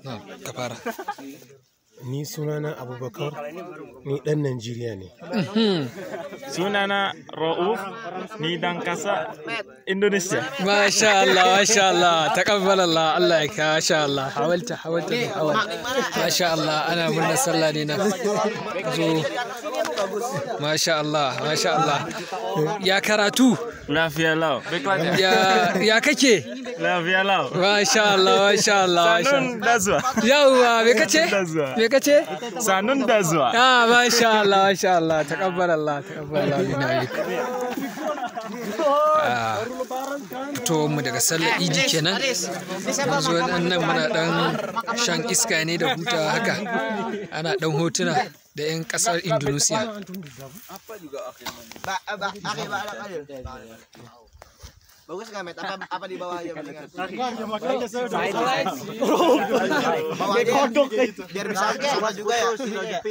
ka ni sunana abubakar ni dan nigeria ne sunana ra'uf ni dan kasa indonesia masha Allah masha Allah taqabbal Allah Allah ya ka masha Allah hawalta hawalta hawal masha Allah ana murna sallah ne na zo masha Allah masha Allah ya karatu lafiya lau ya kake Lafiya lau. Masha Allah, masha Allah. Sanun da zuwa. Yawwa, me kace? Me kace? Sanun da zuwa. Ah, masha Allah, masha Allah. Takabbal Allah, takabbal Allah min mu daga sallar Iji kenan yanzu nan muna dan shan iska ne da hutawa haka ana dan hotuna da 'yan kasar indonesia bagus nggak met apa apa di bawah aja mendingan ya makanya saya udah salah bawah aja biar bisa semua juga ya